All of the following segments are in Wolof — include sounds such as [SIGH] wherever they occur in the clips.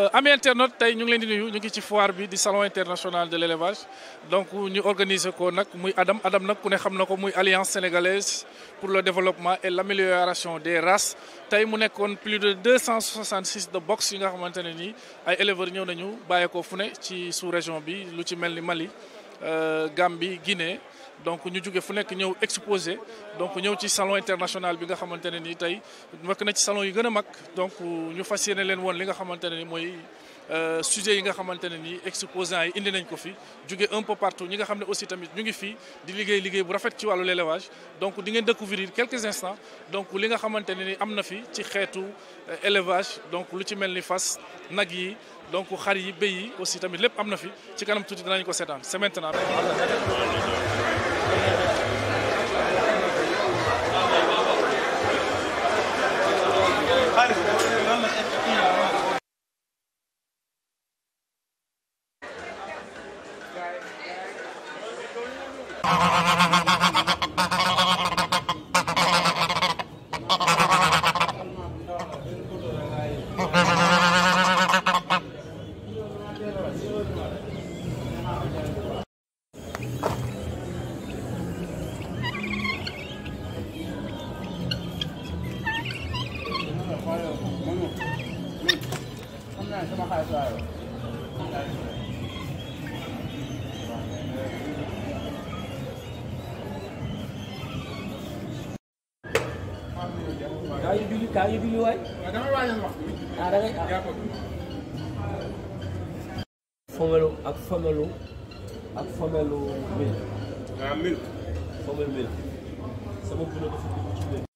Euh, amis internautes tey ñu ngi leen di nuyu ñu ngi ci foire bi di salon international de l'élevage donc ñu organiser ko nag muy Adam Adam nag ku ne xam na ko muy alliance sénégalaise pour le développement et l'amélioration des races tey mu nekkoon plus de 266 de box yi nga xamante ne nii ay éleveurs ñëw nañu bàyyeekoo fu ne ci sous région bi lu ci mel ni Mali euh, Gambie Guinée. donc ñu jóge fu nekk ñëw exposé donc ñëw ci salon international bi nga xamante ne nii tey nekk na ci salon yi gën a mag donc ñu fas yéene leen woon li nga xamante ne nii mooy euh, sujet yi nga xamante ne nii exposants yi indi nañ ko fi jóge un peu partout ñi nga xam ne aussi tamit ñu ngi fii di liggéey liggéey bu rafet ci wàllu l'élevage donc di ngeen découvrir quelques instants donc li nga xamante ne ni am na fi ci xeetu euh, élevage donc lu ci mel ni fas nag yi donc xar yi béy aussi tamit lépp am na fi ci kanam tuuti danañ ko seetaan c'est waaye yu julli waay. waaw damay waajal wax. ah da ngay fomelu ak fomelu ak fomelu mil. ah mil. fomelu mil. sama bu ne dafa dugg ci mil.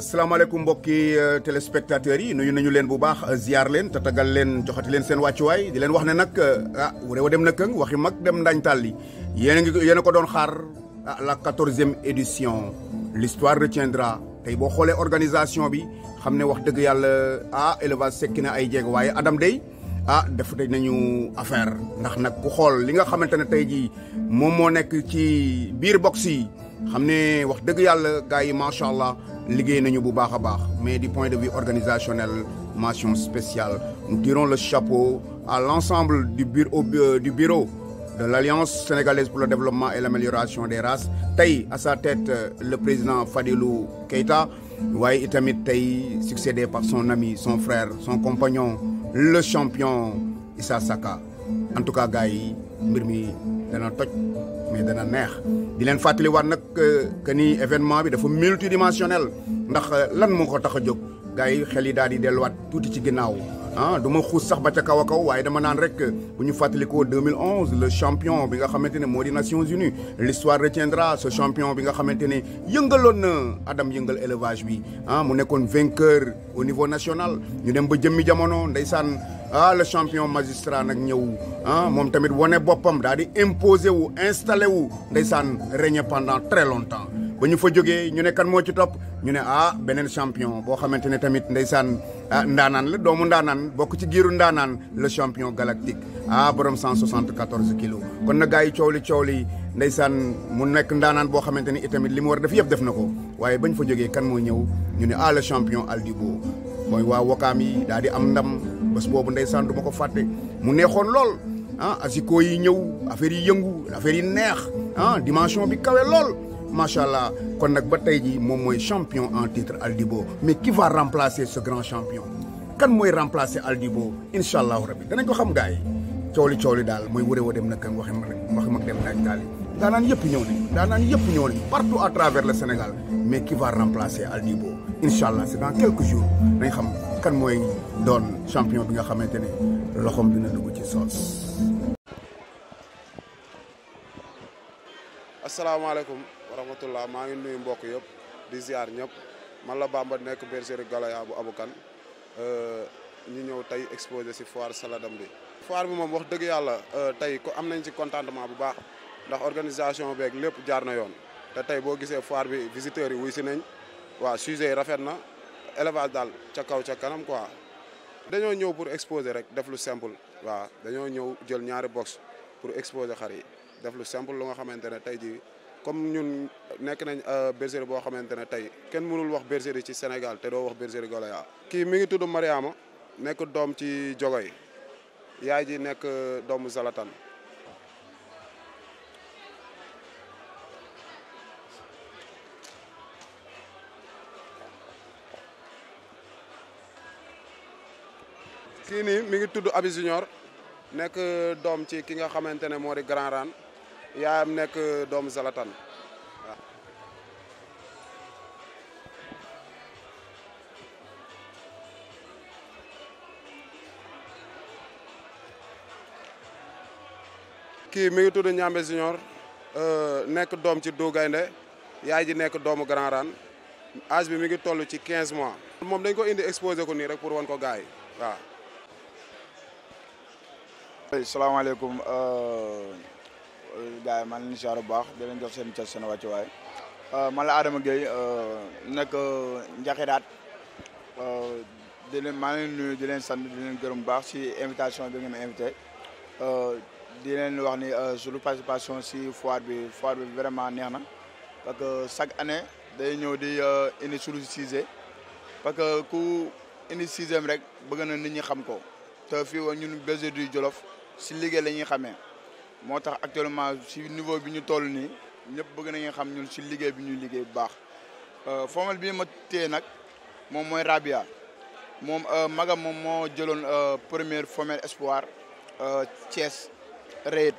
salaamaaleykum mbokki euh, téléspectateurs yi nuyu nañu leen bu baax euh, ziar leen tatagal leen joxati leen seen wàccuwaay di leen wax ne nag euh, ah réew dem na këng waxi mag dem ndañ tàlli yéen a ngi yéen a ko doon xaar ah la quatorzième édition l'histoire retiendra tey boo xoolee organisation bi xam ne wax dëgg yàlla ah élevage sekki na ay jéeg waaye Adam day ah def nañu affaire ndax nag ku xool li nga xamante ne tey jii moom moo nekk ci biir box yi. xam ne wax dëgg yàlla gars yi macha allah liggéey nañu bu baax a baax mais du point de vue organisationnel mention spéciale nous tirons le chapeau à l'ensemble du bureau euh, du bureau de l'Alliance sénégalaise pour le développement et l'amélioration des races tey à sa tête euh, le président Fadilou Keita waaye tamit tey succédé par son ami son frère son compagnon le champion Issa Saka en tout cas gars yi mbir mi dana mais dana neex di leen fàttaliwaat nag euh, que ni événement bi dafa multidimensionnel ndax euh, lan moo ko tax a jóg. gars yi xel yi daal di delluwaat tuuti ci ginnaaw ah du ma xuus sax ba ca kaw a kaw waaye dama naan rek bu ñu fàttalikoo 2011 le champion bi nga xamante ne moo di Nations Unies l'histoire retiendra ce champion bi nga xamante ne yëngaloon na Adam yëngal élevage bi ah mu nekkoon vainqueur au niveau national ñu dem ba jëmmi jamono saan ah le champion magistrat nag ñëw ah moom tamit wane boppam daal di imposer wu installé wu ndeysaan régné pendant très longtemps ba ñu fa jógee ñu ne kan moo ci topp ñu ne ah beneen champion boo xamante ne tamit ndeysaan ah, ndaanaan la doomu ndaanaan bokk ci giiru ndaanaan le champion galactique ah borom 174 kilos kon na gars yi coow li coow li mu nekk ndaanaan boo xamante ni itamit li mu war def yëpp def na ko waaye bañ fa jógee kan moo ñëw ñu ne ah le champion Aldibo mooy waa Wakaam yi daal di am ndam bés boobu ndeysaan du ma ko fàtte mu neexoon lool ah asiko yi ñëw affaire yi yëngu affaire yi neex ah dimension bi kawe macha allah kon nag ba tey jii moom mooy champion en titre Aldibo mais qui va remplacer ce grand champion kan mooy remplacer Aldibo incha allahu bi danañ ko xam gars yi coow li coow li daal mooy wëree woo dem na kan waxi mag dem nañ daal daanaan yëpp ñëw ni daanaan yëpp ñëw nañ partout à travers le Sénégal mais qui va remplacer Aldibo incha allah si dans quelques jours dañ xam kan mooy doon champion bi nga xamante ne loxoom na dugg ci soos. asalaamaaleykum. wa rahmatullah maa ngi nuyu mbokk yëpp di ziar ñëpp man la Bamba nekk bergerie Galaya bu Abukan euh, ñu ñëw tey exposé si foire Saladam bi. foir bi moom wax dëgg yàlla euh, tey ko am nañ ci contentement bu baax ndax organisation beeg lépp jaar na yoon te tey boo gisee foire bi visiteurs yi wuy si nañ waa sujet rafet na élevage daal ca kaw ca kanam quoi. dañoo ñëw pour exposer rek def lu simple waaw dañoo ñëw jël ñaari box pour exposer xar yi def lu simple lu nga xamante ne tey jii. comme ñun nekk nañ euh, bergerie boo xamante ne tey kenn mënul wax bergerie ci senegal te doo wax bergerie Galoya kii mi ngi tudd Mariama nekk doom ci Jogoy yaay ji nekk euh, doomu Zalatan kii nii mi ngi tudd Abi nekk euh, doom ci ki nga xamante ne moo di Grand Rane yaayam nekk doomu Zalatan waaw. kii mi ngi tudd Ñambe Junior euh, nekk doom ci Dugaynde yaay ji nekk doomu Grand Rane âge bi mi ngi toll ci 15 mois. moom dañ ko indi exposé ko nii rek pour wan ko gars yi waaw. salaamaaleykum. Euh, gars yi maa ngi leen di baax di leen jox seen cas seen wàccuwaay euh, man la Adama Gueye euh, nekk euh, Njaxiraat di leen maa ngi leen nuyu di leen sant di bu baax si invitation bi nga ma invité di leen wax ni suñu participation si foire bi foire bi vraiment neex na parce que chaque année day ñëw di indi suñu sujet parce que ku indi sixième rek bëgg na nit ñi xam ko te fii wa ñun bergerie du Jolof si liggéey la ñuy xamee moo tax actuellement si niveau bi ñu toll nii ñëpp bëgg nañu xam ñun si liggéey bi ñu liggéey bu baax euh, formel bi ma téye nag moom mooy Rabia moom euh, magam moom moo jëloon euh, première formel espoir Thiès Reit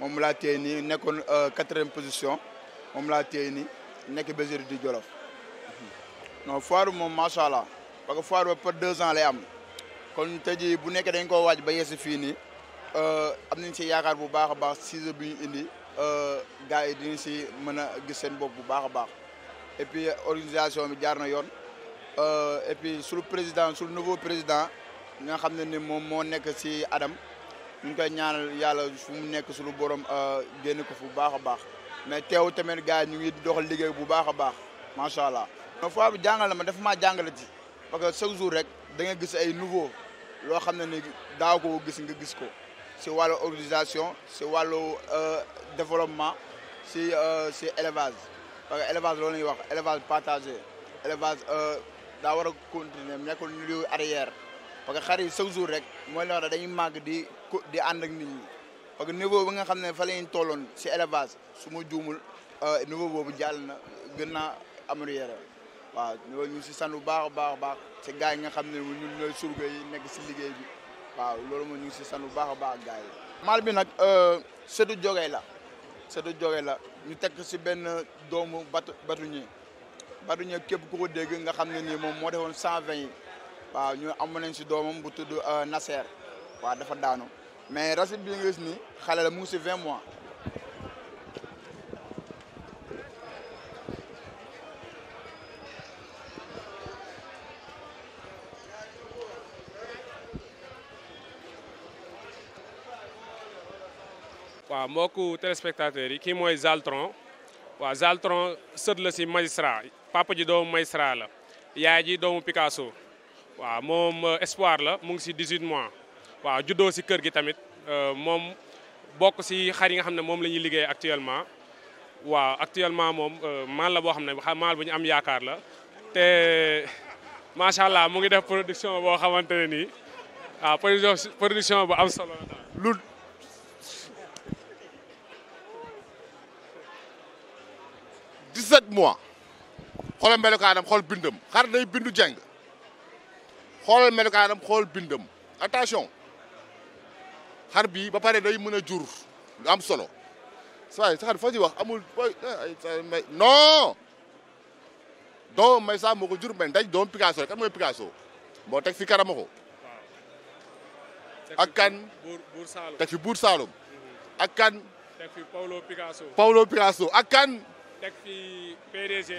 moom laa téye nii nekkoon quatrième position moom laa téye ni nekk Bergerie du Jolof non foire moom macha allah parce que foire ba par deux ans lay am kon tey jii bu nekkee dañ ko waaj ba yeesi fii nii. Euh, am nañ si yaakaar bu baax a baax sujet bi ñu indi euh, gars yi di dinañ si mën a gis seen bopp bu baax a baax et puis organisation bi jaar na yoon euh, et puis sunu président sunu nouveau président nga xam ne ni moom moo nekk si Adam ñu koy ñaan yàlla fu mu nekk sunu borom génn ko fu baax a baax mais teew teme gars ñu ngi doxal liggéey bu baax a baax macha allah. non fois bi jàngal ma dafa maa jàngale ci parce que chaque jour rek da nga gis ay nouveau loo xam ne ni daaw ko gis nga gis ko. si wàllu organisation si wàllu euh, développement si euh, si élevage parce élevage loolu la ñuy wax élevage partagé élevage euh, daa war a continuer nekkul lieu arrière parce que xar yi chaque jour rek mooy ne wax dañuy màgg di di ànd ak nit parce que niveau bi nga xam ne fa la ñu tolloon si élevage su ma juumul niveau boobu jàll na gën naa waa waaw ñu si sant bu baax a baax a baax si gars yi nga xam ne ñu ñooy surga yi nekk si liggéey bi. waaw loolu moom ñu ngi si sant bu baax a baax gars yi. maal bi nag euh, sëtu jógee la sëtu jógee la ñu teg si benn doomu batu batuñe batuñe képp ku ko dégg nga xam ne nii moom moo defoon cent vingt yi waaw ñu amoon nañ si doomam bu tudd euh, Nasser waa dafa daanu mais rasit bi nga gis ni xale mu ngi si vingt mois. waaw mbokku téléspectateurs yi kii mooy Zaltron waa Zaltron sët la si magistrat papa ji doomu magistrat la yaay ji doomu Picasso waaw moom euh, espoir la mu ngi si 18 mois waaw juddoo si kër gi tamit euh, moom bokk si xar yi nga xam ne moom la ñuy liggéey actuellement waaw actuellement moom euh, maal la boo xam ne maal bu ñu am yaakaar la te macha allah mu ngi def production boo xamante nii waaw production bu am solo la lu 17 mois xoolal melokaanam xool bindam xar day bindu jeng xoolal melokaanam xool bindam attention xar bii ba pare day mën a jur am solo saa yi xar fa ci wax amul eh, ay may non doom may saa moo ko jur may ndaj doom Picasso kan mooy Picasso moo teg fi Karamoko mm-hmm. ak kan teg fi Buur Saalum ak kan Picasso Paulo teg fi PDG.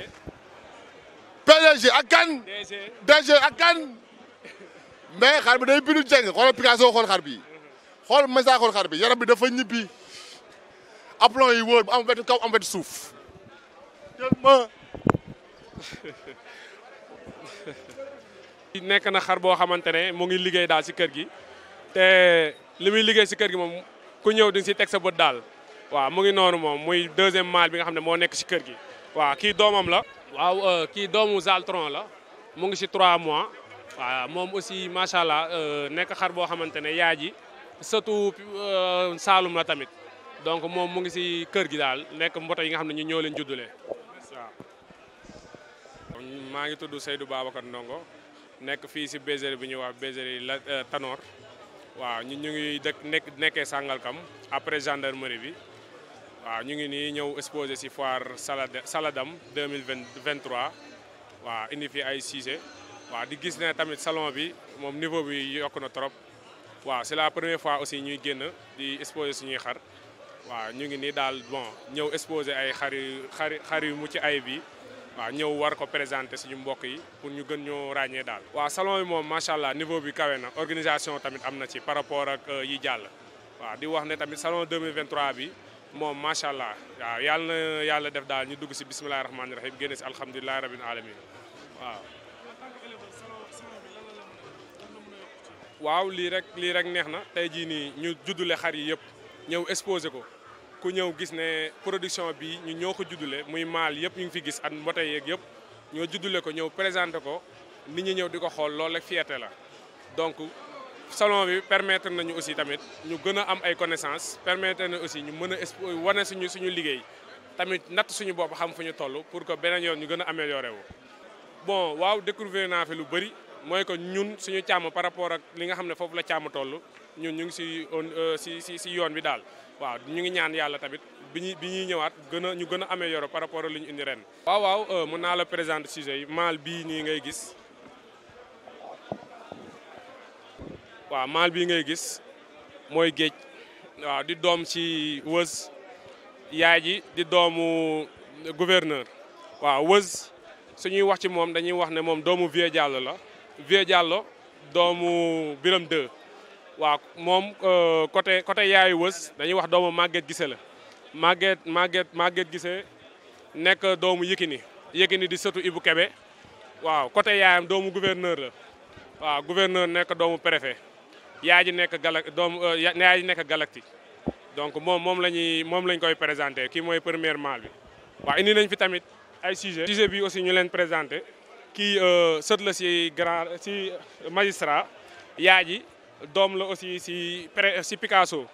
PDG ak kan. DG DG ak xar bi day bindu jeng xoolal Picasso xool xar bi xool Massa xool xar bi yaram bi dafa ñibbi aplomb yi wóor am wetu kaw am wetu suuf. tellement. nekk na xar boo xamante ne mu ngi liggéey daal si kër gi te li muy liggéey si kër gi moom ku ñëw di si teg sa bët daal. waaw mu ngi noonu moom muy deuxième mâle bi nga xam ne moo nekk si kër gi waaw kii doomam la. waaw euh, kii doomu Zaltron la mu ngi si 3 mois. waaw moom aussi macha allah euh, nekk xar boo xamante ne yaay ji surtout euh, Saalum la tamit donc moom mu ngi si kër gi daal nekk mboota yi nga xam ne ñu ñoo leen juddulee waaw. maa ngi tudd du Seydou Babacar Ndongo nekk fii si bergerie bi ñuy wax bergerie la Tanor waaw ñu ñu ngi dëkk nekk nekkee Sangalkam après gendarmerie bi. waaw ñu ngi nii ñëw exposé ci foire Salade Saladam 2023 waaw indi fi ay Cissé waaw di gis ne tamit salon bi moom niveau bi yokk na trop waa c'est la première fois aussi ñuy génn di exposé suñuy xar waa ñu ngi nii daal bon ñëw exposé ay xar yu xar xar yu mucc ayib yi waaw ñëw war ko présenté suñu mbokk yi pour ñu gën ñoo ràññee daal. waa salon bi moom macha allah niveau bi kawe na organisation tamit am na ci par rapport ak euh, yi jàll waa di wax ne tamit salon 2023 bi. moom macha allah waaw yàlla na yàlla def daal ñu dugg si bisimilah rahmaani rahim génne si alhamdulilah rabbil alamin waaw. waaw lii rek lii rek neex na tey jii nii ñu juddule xar yi yëpp ñëw exposé ko ku ñëw gis ne production bi ñu ñoo ko juddule muy maal yëpp ñu ngi fi gis at mboote yeeg yëpp ñoo juddule ko ñëw présenté ko nit ñi ñëw di ko xool loolu rek fierté la donc. salon bi permettre nañu aussi tamit ñu gën am ay connaissances permettre nañu aussi ñu mën a exp wane suñu suñu liggéey tamit natt suñu bopp xam fu ñu toll pour que beneen yoon ñu gën a améliorer wu. bon waaw découvrir naa fi lu bëri mooy que ñun suñu càmm par rapport ak li nga xam ne foofu la càmm toll ñun ñu ngi si euh, si si si yoon bi daal waaw ñu ngi ñaan yàlla tamit bi ñuy bi ñuy ñëwaat gën a ñu gën a améliorer par rapport ak li ñu indi ren. waaw waaw euh, mën naa la présenter sujet yi maal bii nii ngay gis. waaw maal bii ngay gis mooy géej waaw di doom si wëz yaay ji di doomu gouverneur waa wëz suñuy wax ci moom dañuy wax ne moom doomu Vieux Diallo la Vieux Diallo doomu Biram 2 waaw moom euh, côté côté yaayu wës dañuy wax doomu Maguette Gissé la Maguette Maguette Maguette Gissé nekk doomu Yékini Yékini di sëtu Ibou Kébé waaw côté yaayam doomu gouverneur la waaw gouverneur nekk doomu préfet yaay ji nekk gala doom euh, yaay ji nekk galacti donc moom moom la ñuy moom lañ koy présenté kii mooy première mâle bi waaw indi nañ fi tamit ay sujet sujet bi aussi ñu leen présenté kii euh, sët la si grand si magistrat yaay ji doom la aussi si si Picasso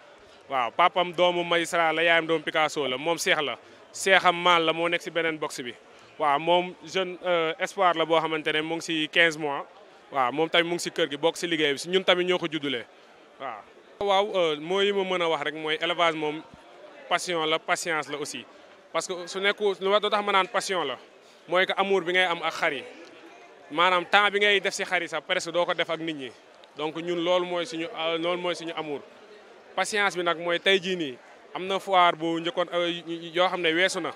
waaw papam doomu magistrat la yaayam doomu Picasso la moom seex la seexam mâle la moo nekk si beneen box bi waaw moom jeune euh, espoir la boo xamante ne mu ngi si 15 mois waaw moom tamit mu ngi si kër gi bokk si liggéey bi si ñun tamit ñoo ko juddulee waaw. waaw euh, mooy yi ma mën a wax rek mooy élevage moom passion la patience la aussi parce que su nekku lu tax ma naan passion la mooy que amour bi ngay am ak xar yi maanaam temps ngay def si xar yi sax presque doo ko def nit ñi donc ñun loolu mooy suñu euh, loolu mooy suñu amour. patience bi nag mooy tey jii nii am na foire bu njëkkoon euh, yoo xam ne weesu na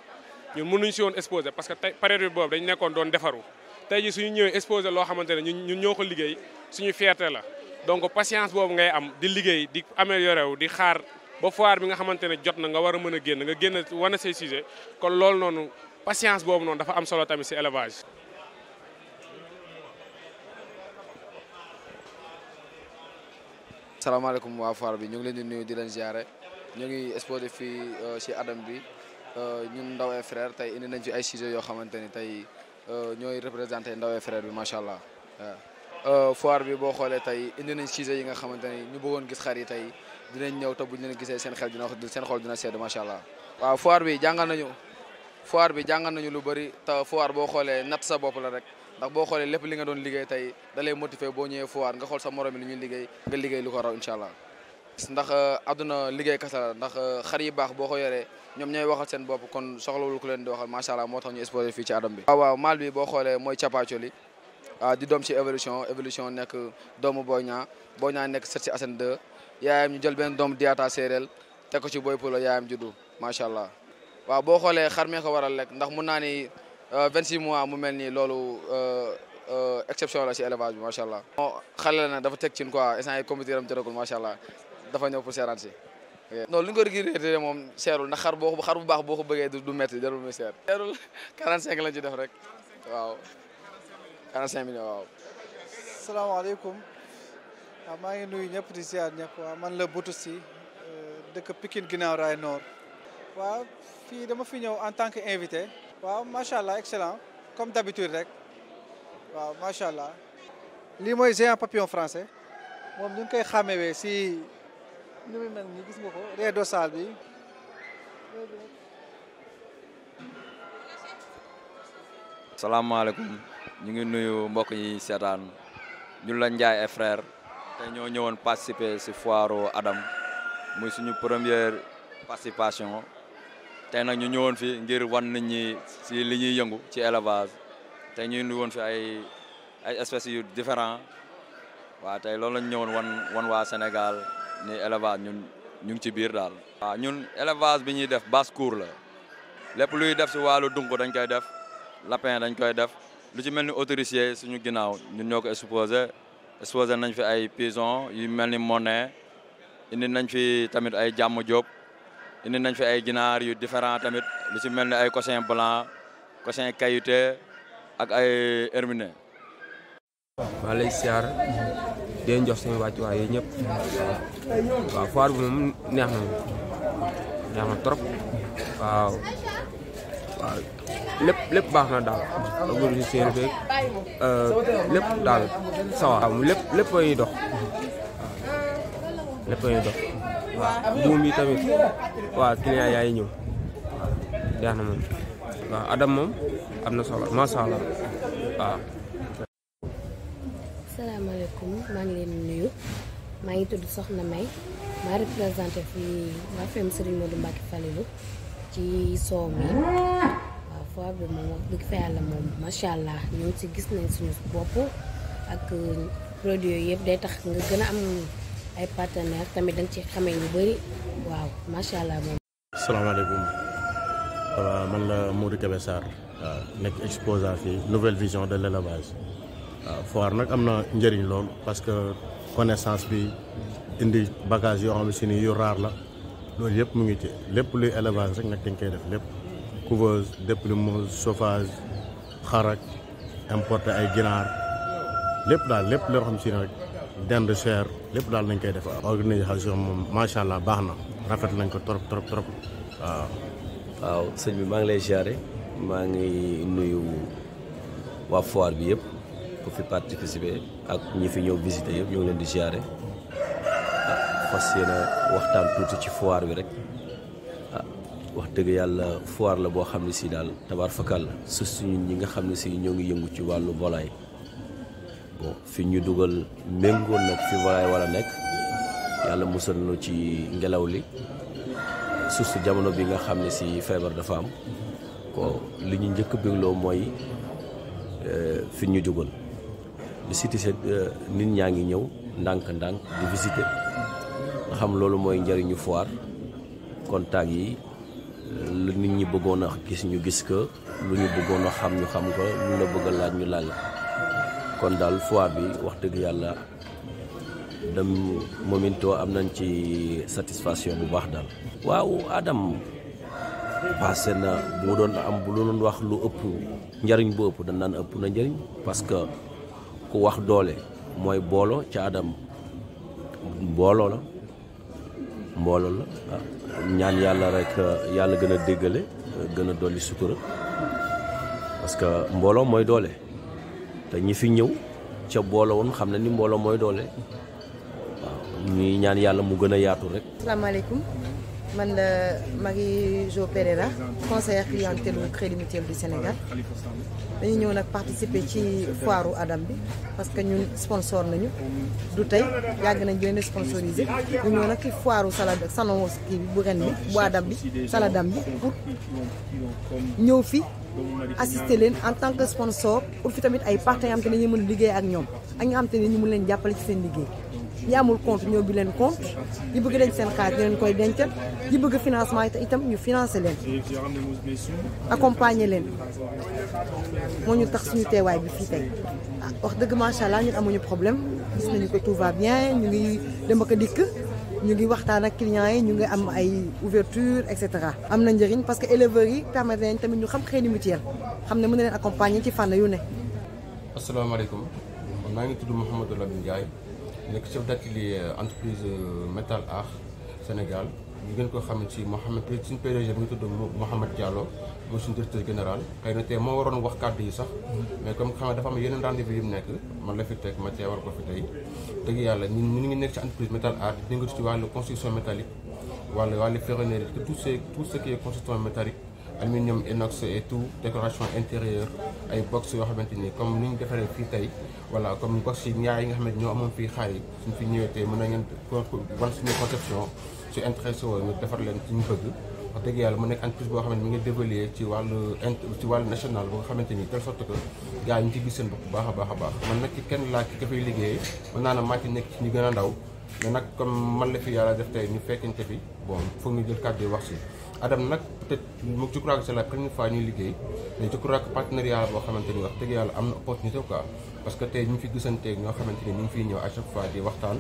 ñun mënuñ si woon exposé parce que tey période bi boobu dañ nekkoon doon defaru. tey ji suñu ñëwee exposé loo xamante ne ñun ñun ñoo ko liggéey suñu fierté la donc patience boobu ngay am di liggéey di amélioré wu di xaar ba foire bi nga xamante ne jot na nga war a mën a génn nga génn wane say sujet kon loolu noonu patience boobu noonu dafa am solo tamit si élevage. salaamaaleykum waa foire bi ñu ngi leen di di leen ziare ñu ngi exposé fii euh, ci Adam bi euh, ñun Ndaw et tey indi nañ fi ay sujets yoo xamante ni tey. Euh, ñooy représenté ndawee frère bi macha allah waaw euh, euh, foire bi boo xoolee tey indi nañ cisé yi nga xamante ni ñu bëggoon gis xar yi tey dinañ ñëw te buñ leen gisee seen xel dina seen xol dina sedd macha allah. waaw foire bi jàngal nañu foire bi jàngal nañu lu bëri te foire boo xoolee nat sa bopp la rek ndax boo xoolee lépp li nga doon liggéey tey da lay boo ñëwee foire nga xool sa morom yi lu ñu liggéey nga liggéey lu ko raw incha allah ndax àdduna liggéey kasa ndax xar yi baax boo ko yoree ñoom ñooy waxal seen bopp kon soxlawul ku leen di waxal macha allah moo tax ñu exposé fii ci adam bi. waaw waaw maal bi boo xoolee mooy Capaacoli ah, di doom ci évolution évolution nekk doomu boo Niang boo ñaa nekk set si Assane 2 yaayam ñu jël benn doom Diatta séeréel teg ci booy Poulo yaayam juddu macha allah. waaw boo xoolee xar mee ko waral lekk ndax mun naa ni 26 euh, mois mu mel nii loolu euh, euh, exception la si élevage bi macha allah. xale la nag dafa teg ci quoi instant yii comité yaram jërëgul macha allah dafa ñëw pour seeraan non li nga ko regretté moom seerul ndax xar boo xar bu baax boo ko bëggee du métti jarul muy seer. seerul 45 [LAUGHS] lañ ci def rek waaw millions waaw. salaamaaleykum waaw maa ngi nuy ñëpp di ziar ñëpp waaw man la Boutou Sy euh, dëkk Pikine ginnaaw Rail Nord. waaw fii dama fi ñëw en tant que invité. waaw macha allah excellent comme d'habitude rek waaw macha allah. lii mooy géant papillon français moom ñu koy xàmmewee si. ni muy bi salaamaaleykum ñu ngi nuyu mbokk yi seetaan ñu la njaay et frère te ñoo ñëwoon participer si foire Adam muy suñu première participation te nag ñu ñëwoon fi ngir wan nit ñi si li ñuy yëngu ci élevage te ñu nuwoon woon fi ay ay espèces yu différent waaw tey loolu lañ ñëwoon wan wan waa Sénégal ni élevage ñun ñu ngi ci biir daal. waaw ñun élevage bi ñuy def basse cour la lépp luy def si wàllu dunk dañ koy def lapin dañ koy def lu ci mel ni autorisé suñu ginnaaw ñun ñoo ko exposé exposé nañ fi ay pigeon yu mel ni monnaie indi nañ fi tamit ay jàmm jóob indi nañ fi ay ginaar yu différent tamit lu ci mel ni ay cochin blanc cochin kayité ak ay herminé. maa dinañ jox seen wàccuwaay yooyu ñëpp waaw foire bi moom neex na neex na trop waaw lépp lépp baax na daal organisation beeg euh, lépp daal sawa waaw lépp lépp la dox waaw buum yi tamit waaw client yaa ngi neex na moom waaw Adam moom am na solo macha allah waaw. asalaamaaleykum maa ngi leen nuyu maa ngi tudd Soxna May maa représenté fii waa FEM Serigne Modou Mbacké Falilou ci soow mi waaw foire bi moom wax dëgg fa moom macha allah ñu ngi si gis nañ suñu bopp ak produit yooyu yëpp day tax nga gën a am ay partenaire tamit dañ ci xamee ñu bëri waaw macha allah moom. asalaamaaleykum man la Modou Kébé Sarr nekk exposant fii nouvelle vision de l'élevage waaw foire nag am na njëriñ lool parce que connaissance bi indi bagage yoo xam ne si ni yu raar la loolu yëpp mu ngi ci lépp luy élevage rek nag dañ koy def lépp couveuse déplumeuse chauffage xarak importer ay ginaar lépp daal lépp loo xam si ne rek dinde cher lépp daal nañ koy def organisation moom macha allah baax na rafet nañ ko trop trop trop waaw waaw sëñ bi maa ngi lay ziare maa ngi nuyu waa foire bi yëpp ku fi participer ak ñi fi ñëw visiter yëpp ñoo ngi leen di ziare ah fas yéene waxtaan tuuti ci foire bi rek ah, wax dëgg yàlla foire la boo xam ne si daal tabaar fakal la suuf si ñi nga xam ne si ñoo ngi yëngu ci wàllu volaille fi ñu dugal méngoon nag fi volaille war nekk yàlla musal nu ci ngelaw li suuf si jamono bi nga xam ne si feebar dafa am ko li ñu njëkk bégloo mooy euh, fi ñu dugal di euh, nit ñaa ngi ñëw ndànk-ndànk di visiter xam loolu mooy njëriñu foire contact yi euh, lu nit ñi bëggoon a gis ñu gis ko lu ñu bëggoon a xam ñu xam ko lu la bëgg a laaj ñu laaj kon daal foire bi wax dëgg yàlla dem momento am nañ ci satisfaction bu baax daal. waaw Adam passé na bu doon am bu doon wax lu ëpp njariñ bu ëpp dañ naan ëpp na njëriñ parce que. ku wax doole mooy boolo ca adam mbooloo la mbooloo la ah, ñaan yàlla rek ah, yàlla gën a déggale gën a dolli sutura parce que mbooloo mooy doole te ñi fi ñëw ca boolo woon xam na ni mbooloo mooy doole ñuy ñaan yàlla mu gën a yaatu rek. asalaamaaleykum. man la Marie Jo Pereira conseillère clientèle bu Crédit Mutuel du Sénégal dañu ñëw nag participer ci foiru Adam bi parce que ñun sponsor nañu du tey yàgg nañ leen sponsorisé ñu ñëw nag ci foiru salade salon kii bi bu ren bi bu Adam bi saladam bi pour ñëw fi assister leen en tant que sponsor pour fi tamit ay partenaires am te ne ñu mën liggéey ak ñoom ak ñu am te ne ñu mën leen jàppale ci seen liggéey ñi amul compte ñoo bi leen compte li bëgg denc seen xaalis ñu koy dencal ñi bëgg financement itam ñu financé leen accompagner leen moo ñu tax suñu teewaay bi fii tey ah, wax dëgg macha ñu ñun amuñu problème gis nañu ko tout bien ñu ngi dem ak dikk ñu ngi waxtaan ak clients yi ñu ngi am ay ouverture et cetera am na njariñ parce que éleveurs yi permettre tamit ñu xam xëy na mutuelle xam ne mën na leen accompagner ci fànn yu ne. asalaamaaleykum maa ngi tudd Mouhamadou Lamine Ndiaye. nekk chef d'atelier euh, entreprise euh, métal art Sénégal ñu gën koo xam ci Mouhamed suñu PDG bi ñu tudd Mouhamed Diallo mooy suñu directeur général xëy na tey moo waroon wax kàddu yi sax mais comme xam ne dafa am yeneen rendez-vous yu mu nekk man la fi teg ma tey war ko fi tey dëgg yàlla ñun ñu ngi nekk ci entreprise métal art di yëngatu ci wàllu construction métallique wàllu wàllu ferronnerie tout ce tout ce qui est construction métallique aluminium inox et tout décoration intérieure ay box yoo xamante ni comme ni ñu defaree fii tey voilà comme box yi ñaar yi nga xamante ñoo amoon fii xaar yi suñ fi ñëwee tey mën na ngeen wan suñu conception su ñu defar leen dëgg yàlla mu nekk entreprise boo xam ne mi ngi développé ci wàllu ci wàllu national bu xamante ni telle sorte que gars yi ñu ci gis seen baax a baax a baax man nag kenn laa ci ka fay liggéeyee mën naa na maa ci nekk ci ñu gën a ndaw mais nag comme man la fi yàlla def tey ñu fekkente fi bon foog ñu jël kàddu wax si Adam nag peut-être moom la première fois ñuy liggéey mais je crois partenariat boo xamante ni wax dëgg yàlla am na opportunité quoi parce que tey ñu fi gisanteeg ñoo xamante ni ñu ngi fiy ñëw à chaque fois di waxtaan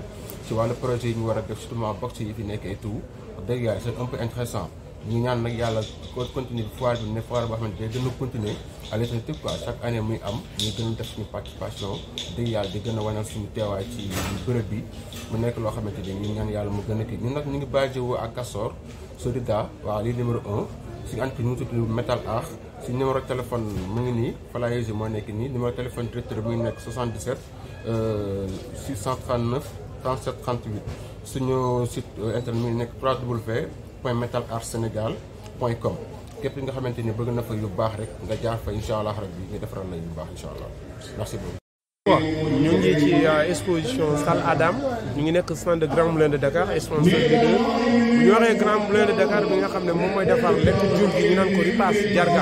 yi ñu war a def surtout box yi fi nekk et tout wax dëgg yàlla c'est un intéressant ñu ñaan nag yàlla ko continuer foire bi ne foire boo xamante ne day gën a continuer à l'étranger quoi chaque année muy am ñu gën def suñu participation dëgg yàlla di gën a wanal suñu teewaay ci bërëb bi mu nekk loo xamante ni ñu ñaan yàlla mu gën a kii ñun ñu ngi basé wu à Sodida waaw lii numéro un suñu entreprise mu ngi tudd Metal Art suñu numéro téléphone mu ngi nii Falaye G moo nekk nii numéro téléphone directeur mu ngi nekk 77 639 37 38 suñu site euh, internet mu ngi nekk www.metalartsenegal.com képp li nga xamante ni bëgg na fa yu baax rek nga jaar fa incha allah rab bi ñu defaral la yu baax incha allah merci waaw ñu ngi ci euh, exposition Salle Adam ñu ngi nekk stand de Grand Moulin de Dakar sponsor bi bu ñu waxee Grand Moulin de Dakar bi nga xam ne moom mooy defar lekk jur gi ñu naan ko ripaas jarga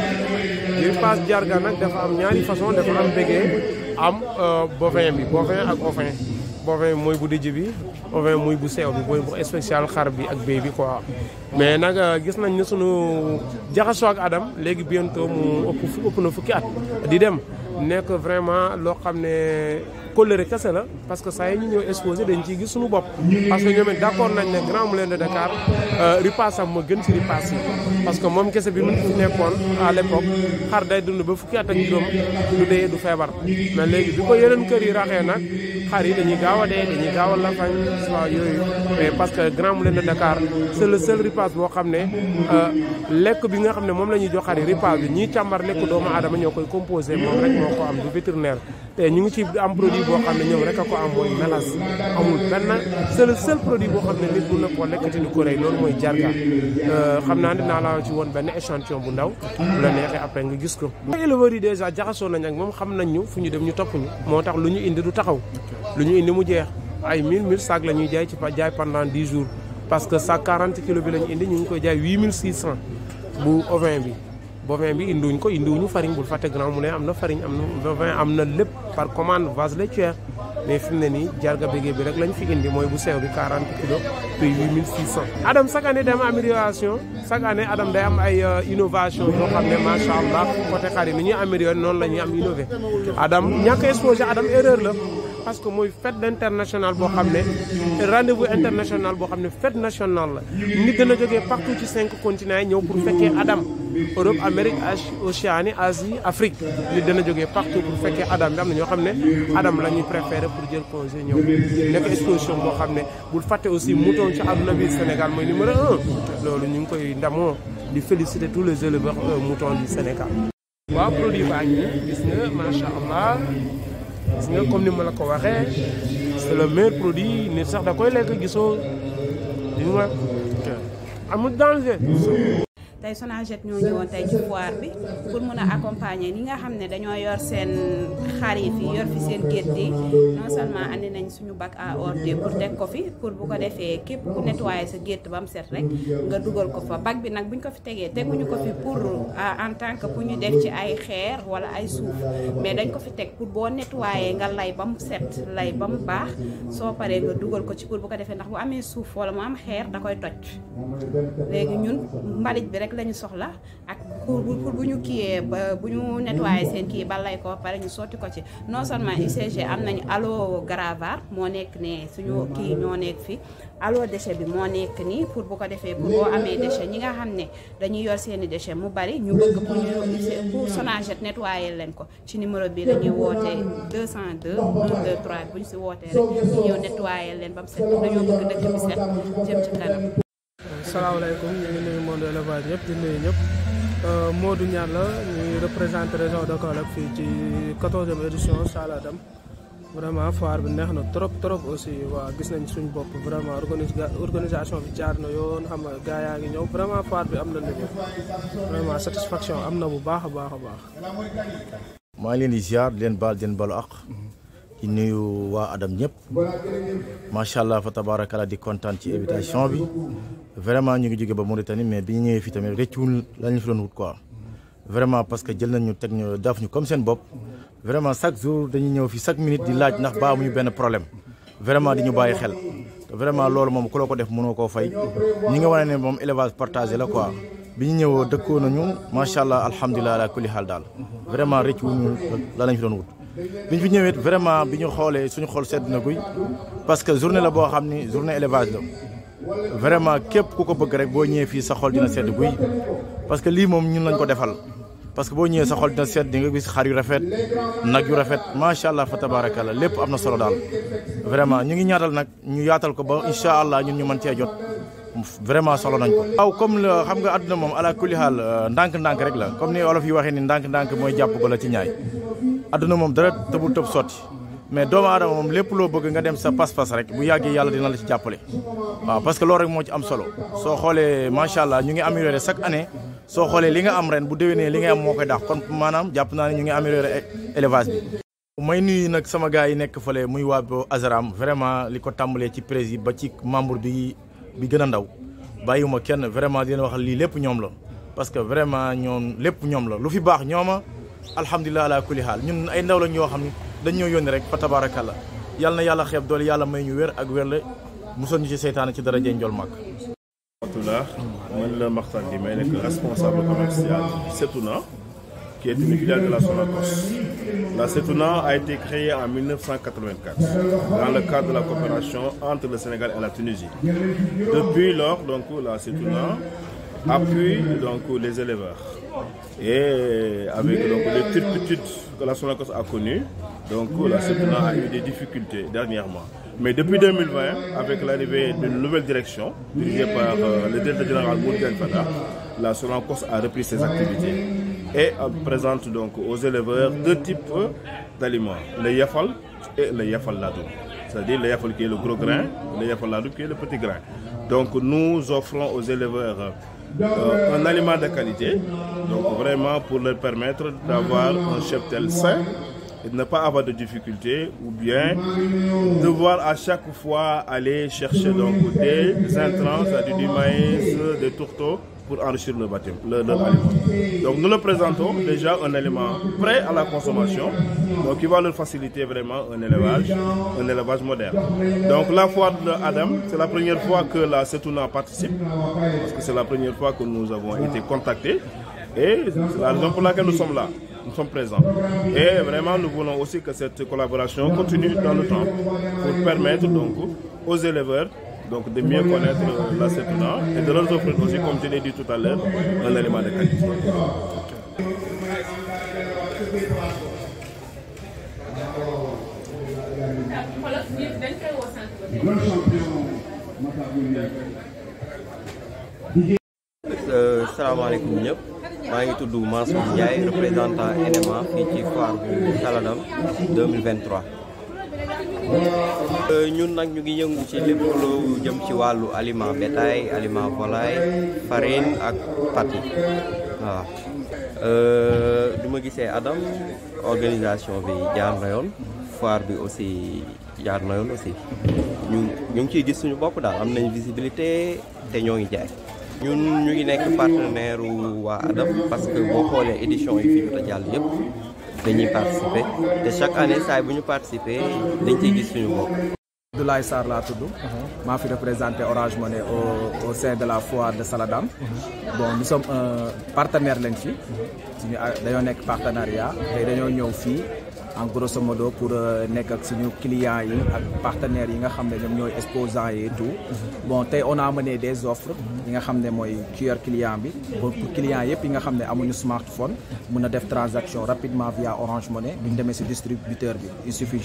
ripaas jarga nag dafa am ñaari façon dafa am béggee am euh, bovin bi bovin ak ovin bovin bi mooy bu dijj bi ovin mooy bu sew bi mooy bu spécial xar bi ak béy bi quoi mais nag euh, gis nañ ne sunu jaxasoo ak Adam léegi bientôt mu ëpp ëpp na fukki at di dem nekk vraiment loo xam ne kóllëre kese la parce que saa yi ñu ñëw exposé dañ ciy gis suñu bopp parce que ñoom it d' accord nañ ne Grand Moulin de Dakar euh, ripaasam ma gën si ripaas parce que moom kese bi mu fi nekkoon day dund ba fukki at ak juróom du dee du feebar mais léegi bi ko yeneen kër yi raxee nag xar yi dañuy gaaw a dee parce que Grand Moulin de Dakar c' est xam ne euh, lekk bi nga xam ne moom la ñuy jox xar ripaas bi ñiy càmbar lekk doomu aadama ñoo koy composé moom rek moo ko am du vétérinaire te ñu ngi ci am produit boo xam ne ñoom rek ko am mooy melas amul benn c'est produit boo xam ne nit na koo lekkati lu ko rëy loolu mooy jarga euh, xam naa ne naa laa woon benn échantillon bu ndaw bu la neexee après nga gis ko éleveurs yi dèjà jaxasoo nañ ak moom xam nañ ñu fu ñu dem ñu topp ñu moo tax lu ñu indi du taxaw lu ñu indi mu jeex ay 1000 1000 sac la ñuy jaay ci jaay pendant 10 jours parce que sac 40 kilos bi la ñu indi ñu ngi koy jaay 8600 bu ovin bi bovin bi indiwuñ ko indi indiwuñu farine bul fa grand mu ne am na farine am na bovin am na lépp par commande vase laitière mais fi mu ne nii jarga bégee bi rek lañ fi indi mooy bu sew bi 40 kilos puis 8600. Adam chaque année day am amélioration chaque année Adam day am ay euh, innovation yoo xam ne macha allah côté xar yi ñuy amélioré noonu la ñuy am innové Adam ñàkk exposé Adam erreur la. parce que mooy fête internationale boo xam ne rendez-vous international boo xam ne fête nationale la nit dana jógee partout ci cinq continents yi ñëw pour fekkee Adam Europe Amérique Océanie Asie Afrique nit dana jógee partout pour fekkee Adam bi am na ñoo xam ne Adam la ñuy préféré pour jël congé ñëw nekk exposition boo xam ne bul fatte aussi mouton ci àdduna bi Sénégal mooy numéro un loolu ñu ngi koy ndamoo di féliciter tous les éleveurs euh, moutons du Sénégal gis nga comme ni ma la ko waxee c'est le meilleur produit nit sax da koy lekk gisoo di nga amul danger tey Sonaged ñoo ñëwoon tey ci foire bi pour mun a accompagner ñi nga xam ne dañoo yor seen xar yi fi yor fi seen gétt yi non seulement andi nañ suñu bag à ordures pour teg ko fi pour bu ko defee képp ku sa gétt ba mu set rek nga dugal ko fa bac bi nag buñ ko fi tegee teguñu ko fi pour euh, en tant que pour ñu def ci ay xeer wala ay suuf mais dañ ko fi teg pour boo nettoyé nga lay ba mu set lay ba mu baax soo paree nga dugal ko ci pour bu ko defee ndax bu amee suuf wala mu am xeer da koy toj léegi ñun mbalit bi rek la ñu soxla ak pour pour bu ñu kiiyee ba bu ñu nettoyé seen kii balay ko pare ñu sotti ko ci non seulement UCG am nañu aloo Garavar moo nekk ne suñu kii ñoo nekk fi allo déchet bi moo nekk ni pour bu ko defee pour boo amee déchet ñi nga xam ne dañuy yor seeni i mu bari ñu bëgg pour ñu pour leen ko ci numéro bi la ñuy cent 202 123 bu ñu si wootee rek ñu ñëw nettoyé leen ba mu set dañoo bëgg dëkk bi jëm ci kanam salaamaaleykum ñu ngi nuyu monde élevage yëpp di nuyu ñëpp euh, Modou Niang la ñuy représenté région de Kaolack fii ci quatorzième édition Saladam vraiment foire bi neex na trop trop aussi waaw gis nañ suñ bopp vraiment organisation bi jaar na yoon xam nga gaa yaa ngi ñëw vraiment foire bi am na liggéey vraiment satisfaction am na bu baax a baax a baax. maa ngi leen di ziar di leen baal di nuyu waa Adam ñëpp macha allah fa tabaarakala di kontaan ci invitation bi vraiment ñu ngi jóge ba Mauritanie mais bi ñu ñëwee fii tamit rëccuwul la ñu fi doon wut quoi. vraiment parce que jël nañ ñu teg ñu daf ñu comme seen bopp vraiment chaque jour dañu ñëw fii chaque minute di laaj ndax ba amuñu benn problème vraiment di ñu bàyyi xel. vraiment loolu moom ku la ko def munoo koo fay ni nga wane ne moom élevage partagé la quoi bi ñu ñëwoo dëkkoo nañu macha allah alhamdulilah ala kulli xaal daal vraiment rëccuwuñu la lañ fi bi biñ fi ñëwee vraiment bi ñu xoolee suñu xool sedd na guy parce que journée la boo xam ni journée élevage la vraiment képp ku ko bëgg rek boo ñëwee fii sa xol dina sedd guy parce que lii moom ñun lañ ko defal parce que boo ñëwee sa xol dina sedd di nga gis xar yu rafet nag yu rafet macha allah fa la lépp am na solo daal vraiment ñu ngi ñaatal nag ñu yaatal ko ba incha allah ñun ñu mën cee jot vraiment solo nañ ko waaw comme xam nga àdduna moom ala kulli haal euh, ndànk rek la comme ni olof yi waxee ni ndànk-ndànk mooy jàpp bala ci ñaay adduna moom dara tëbu tëb sotti mais doomu aadama moom lépp loo bëgg nga dem sa pas-pas rek bu yàggee yàlla dina la ci jàppale. waaw parce que rek moo ci am solo soo xoolee macha allah ñu ngi soo xoolee li nga am ren bu déwénee li nga am moo koy daax kon maanaam jàpp naa ne ñu ngi amélioré élevage bi. may nuyu nag sama gaa yi nekk fële muy waa Azram vraiment li ko tàmbalee ci président ba ci membre bi bi gën a ndaw bàyyiwuma kenn vraiment di leen lii lépp ñoom la parce que vraiment ñoom lépp ñoom la alhamdulilah ala kulli haal ñun ay ndaw la ñoo xam ne dañ ñoo rek fa tabaarakalla yàlla yàlla xeeb doole yàlla may ñu wér ak wér la mosoon ñu ci seytaane ci dara jeen mag la Makhtar di la Sonacos. La Setouna a été créée en 1984 dans le cadre de la coopération entre le Sénégal et la Tunisie. Depuis lors, donc, la Setouna appuie donc, les éleveurs Et avec donc, les turpitudes que la Sonacos a connues, donc la CEPNA a eu des difficultés dernièrement. Mais depuis avec l'arrivée d'une nouvelle direction, dirigée par euh, le directeur général Mourdian Fada, la Sonacos a repris ses activités et présente donc aux éleveurs deux types d'aliments, le Yafal et le Yafal Ladou. C'est-à-dire le Yafal qui est le gros grain, le Yafal Ladou qui est le petit grain. nous offrons aux éleveurs Euh, un aliment de qualité, donc vraiment pour leur permettre d'avoir un cheptel sain et de ne pas avoir de difficultés ou bien devoir à chaque fois aller chercher donc des intrants, cest à du maïs, des tourteaux, pour enrichir le bâtiment, le, leur aliment. Donc nous leur présentons déjà un élément prêt à la consommation, qui va leur faciliter vraiment un élevage, un Donc la foire de Adam, c'est la première fois que la Setouna participe, parce que c'est la première fois que nous avons été contactés, et la raison pour laquelle nous sommes là nous voulons aussi que cette collaboration continue dans le temps pour permettre donc aux éleveurs donc de mieux connaître euh, l'acétona et de leur offrir aussi, comme je l'ai dit tout à l'heure, un aliment de qualité. Euh, salaamaaleykum ñëpp maa ngi tudd Mansour Ndiaye représentant NMA fii ci foire bu Saladam 2023 Euh, ñun nag ñu ngi jëngu ci lépp lu jëm ci wàllu aliment bétail aliment volaille farine ak pâtes yi waaw. du euh, ma gisee Adam organisation bi jaar na yoon foire bi aussi jaar na yoon aussi ñu ñu ngi ciy gis suñu bopp daal am nañu visibilité te ñoo ngi jaay. ñun ñu ngi nekk partenaire waa Adam parce que boo xoolee édition yi fi jot a jàll yëpp. dañuy participer te chaque année saa bu ñu participer dañ ciy gis suñu du Abdoulaye Sarr laa tudd. maa fi représenté Orange Money au sein de la foire de Saladam. bon nous sommes partenaire lañ ci suñu dañoo nekk partenariat. tey dañoo ñëw fii. en grosso modo pour euh, nekk ak suñu clients yi ak partenaires yi nga xam ne ñoom ñooy exposants yi tout mhm. bon tey on a amené des offres yi nga xam ne mooy QR client bi pour clients yëpp yi nga xam ne amuñu smartphone mun a def transaction rapidement via Orange Money bu ñu demee si distributeur bi il suffit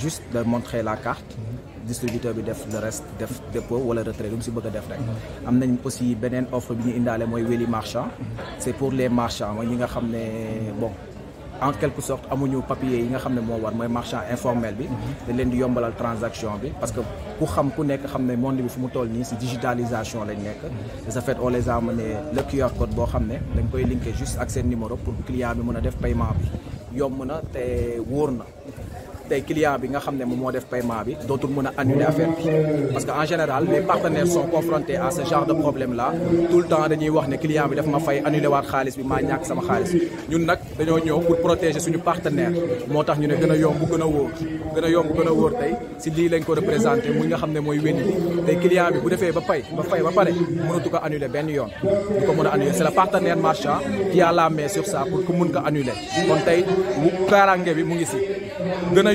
la carte mhm. distributeur bi def le def dépôt wala retrait lu si bëgg a def rek mhm. am nañ aussi beneen offre ñu indaale mooy wéli marchand c'est pour les marchands mooy ñi nga xam ne bon en quelque sorte amuñu papier yi nga xam ne moo war mooy marchand informel bi mhm. da leen di yombalal transaction bi parce que ku xam ku nekk xam ne monde bi fu mu toll nii si digitalisation lañ nekk de mhm. ce fait on les a amené le QR code boo xam ne dañ koy linké juste ak seen numéro pour client bi mën a def paiement bi yomb na te wóor na tey client bi nga xam ne moom moo def paiement bi dootul mën a annuler affaire bi parce que en général les partenaires sont confrontés à ce bi ma ñàkk sama xaalis ñun nag dañoo ñëw pour protéger suñu partenaire moo tax ñu ne gën a yomb gën a wóor gën a yomb gën a wóor tey si lii lañ ko représenté muy nga xam ne mooy Wéndi tey client bi bu defee ba pay ba fay ba pare mënatu ko annuler benn yoon du ko mën a annuler c'est la main sur ça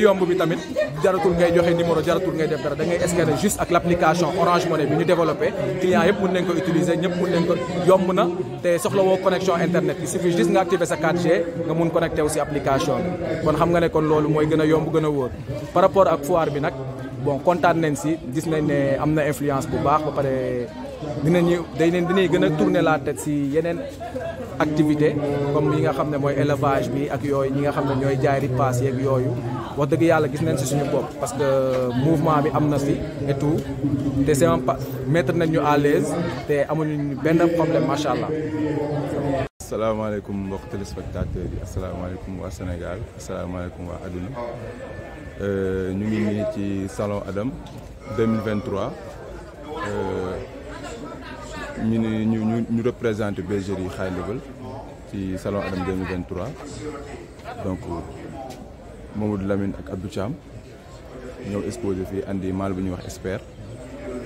yomb bi tamit jaratul ngay joxe numéro jaratul ngay def dara da ngay scanner juste ak l' application Orange Money bi ñu développé client yëpp mën nañ ko utiliser ñëpp mën nañ ko yomb na te soxla woo connexion internet il suffit juste nga activer sa 4 nga mun connecté wu si application bi kon xam nga ne kon loolu mooy gën a yomb gën a wóor par rapport ak foire bi nag bon kontaan nañ si gis nañ ne am na influence bu baax ba pare dinañu day leen dinañ gën a tourner la tête si yeneen activité comme yi nga xam ne mooy élevage bi ak yooyu ñi nga xam ne ñooy jaay ripaas yeeg yooyu wax dëgg yàlla gis nañ si suñu bopp parce que mouvement bi am na si et tout te c'est un pas mettre nañ ñu à l'aise te amuñu benn problème macha allah. asalaamaaleykum mbokk téléspectateurs yi asalaamaaleykum waa Sénégal asalaamaaleykum waa àdduna euh, ñu ngi nii ci salon Adam 2023 euh, ñu ne ñu ñu ñu représenté bergerie High Level ci salon Adam 2023 donc. Mamadou Lamine ak Abdou Thiam ñëw exposé fii andi maal bu ñuy wax expert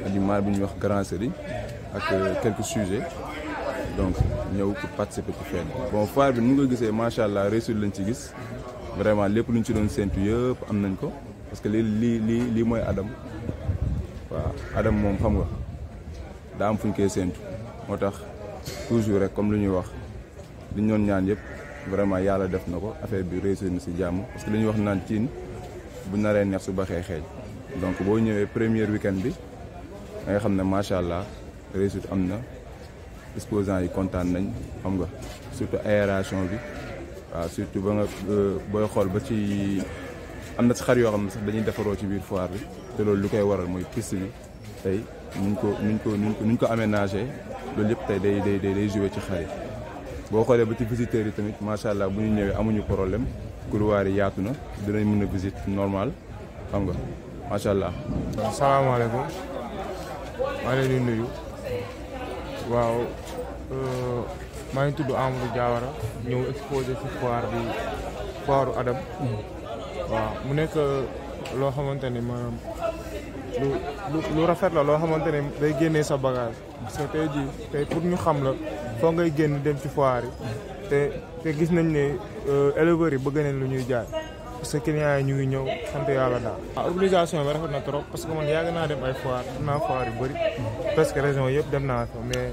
andi maal bu ñuy wax grand série ak euh, quelques sujets donc ñëw pour participer ci fenn bon foire bi nu nga gisee macha allah réussite lañ ci gis vraiment lépp luñ ci doon séntu yëpp am nañ ko parce que lii lii lii lii mooy Adam waaw Adam moom xam nga daa am fu ñu koy séntu moo tax toujours rek comme lu ñuy wax luñ ñu ñaan yëpp. vraiment yàlla def na ko affaire bi réussir na si jàmm parce que li ñuy wax naan cin bu naree neex su baxee xeeñ donc boo ñëwee première week bi da nga xam ne macha allah réussite am na exposants yi kontaan nañ xam nga surtout aération bi waaw surtout ba nga euh, booy xool ba ci am na si xar yoo xam ne sax dañuy defaroo ci biir foire bi te loolu lu koy waral mooy piste bi tey nuñ ko nuñ ko nuñ ko nuñ ko aménagé loolu yëpp tey day day day joué ci xar yi boo xoolee ba ci visiteurs yi tamit macha allah bu ñu ñëwee amuñu problème couloir yaatu na dinañ mën a visit normal xam nga macha allah. salaamaaleykum maa ngi leen di nuyu waaw euh, maa ngi tudd Amadou Diawara ñëw exposé ci foire bi foiru Adam. waaw mu nekk euh, loo xamante ni maanaam lu lu lu rafet la loo xamante ni day génnee sa bagage parce tey jii tey pour ñu xam la. foo ngay génn dem si foire te gis nañ ne euh, éleveurs yi bëgg nañ lu ñuy jaay parce que clients yi ñu ngi ñëw sant yàlla daal. a ah, organisation bi rafet na trop parce que man yàgg naa dem ay foire dem naa foire yu bëri presque région yëpp dem naa fa mais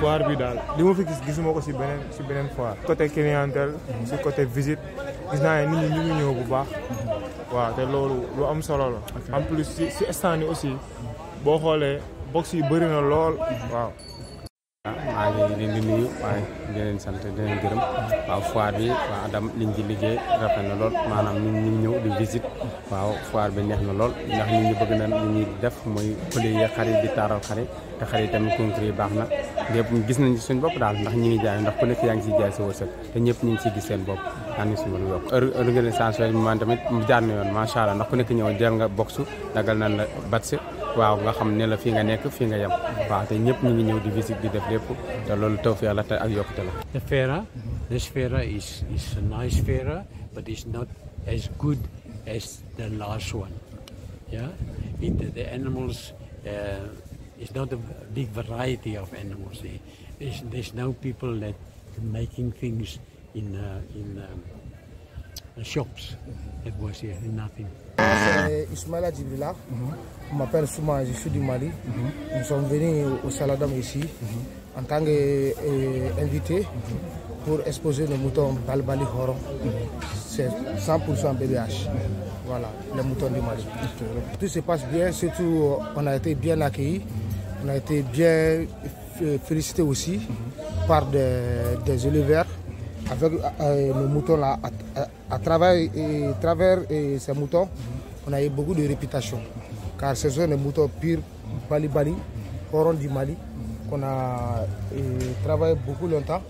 foire bi daal li ma fi gis gisuma ko si beneen si beneen foire. côté clientèle. si côté visite gis naa ne nit ñi ñu ngi ñëw bu baax. waaw te loolu lu am solo la. en plus si si stand aussi boo xoolee box yi bëri na lool Ah, maa ngi leen di nuyu waaye di leen sant di leen gërëm waaw foire bi waaw Adam liñ ci liggéey rafet na lool maanaam ñu ngi ñëw di visite waaw foire bi neex na lool ndax nit ñi bëgg na li ñuy def mooy pële yi xarit di taaral xarit te xarit tamit concret yi baax na lépp gis nañ suñ bopp daal ndax ñi ngi jaay ndax ku ñëpp ñu ngi siy gis seen bopp ani suñu yokk organisation bi man tamit jaar na yoon macha allah ndax ku nekk ñëw jël nga box dagal nañ la batse waaw nga xam ne la fii nga nekk fii nga yem waaw te ñëpp ñu ngi di visite di def lépp te loolu tawfeex la te ak yokkute la the fera is a nice fera but it's not as good as the last one it, the uh, not a big variety of animals there's, there's no people that making things in uh, um, shops it was here yeah, nothing Euh. c'est Ismaila Djibrila. On m'appelle Souma, du Mali. Nous sommes venus au Saladam ici en tant qu'invité euh, pour exposer le mouton Balbali Horon. C'est 100% BBH. Voilà, le mouton du Mali. Tout se passe bien, surtout euh, on a été bien accueillis. On a été bien félicité aussi par des, des avec euh, le mouton à travers, et, travers et ces moutons, on a beaucoup de réputation. Car ce sont des moutons purs, Bali Bali, Coron du Mali, qu'on a travaillé beaucoup longtemps.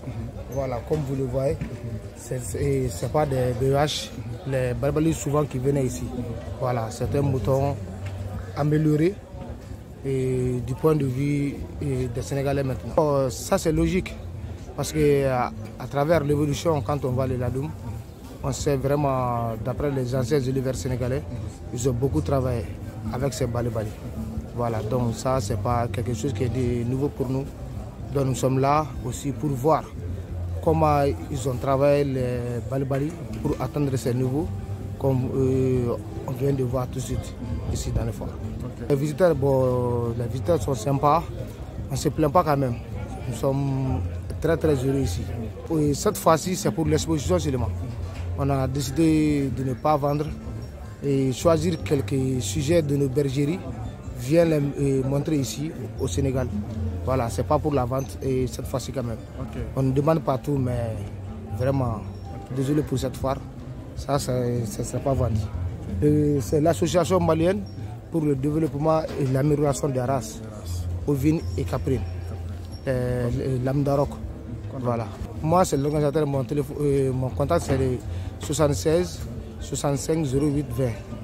Voilà, comme vous le voyez, c'est pas des BH, les Balbalis souvent qui venaient ici. Voilà, c'est un mouton amélioré du point de vue des Sénégalais maintenant. Euh, c'est logique, parce que à, à travers l'évolution, quand on va à l'Eladoum, on sait vraiment, d'après les anciens univers sénégalais, ils ont beaucoup travaillé avec ces balibali. Voilà, donc ça, c'est pas quelque chose qui est de nouveau pour nous. Donc nous sommes là aussi pour voir comment ils ont travaillé les balibali pour atteindre ces niveaux, comme euh, vient de voir tout de suite ici dans le foire. Les visiteurs, les visiteurs sont sympas, on se plaint pas quand même. Nous sommes très très heureux ici. Et cette fois-ci, c'est pour l on a décidé de ne pas vendre et choisir quelques sujets de nos bergeries, vient les montrer ici au Sénégal. Voilà, c'est pas pour la vente et cette fois-ci quand même. Okay. On ne demande pas tout, mais vraiment, okay. désolé pour cette fois, ça, ça ne sera pas vendu. C'est l'association malienne pour le développement et l'amélioration des races ovines et caprines, euh, l'âme d'Aroc. Voilà. Moi, c'est l'organisateur, mon, téléphone, euh, mon contact, c'est 76 65 08 20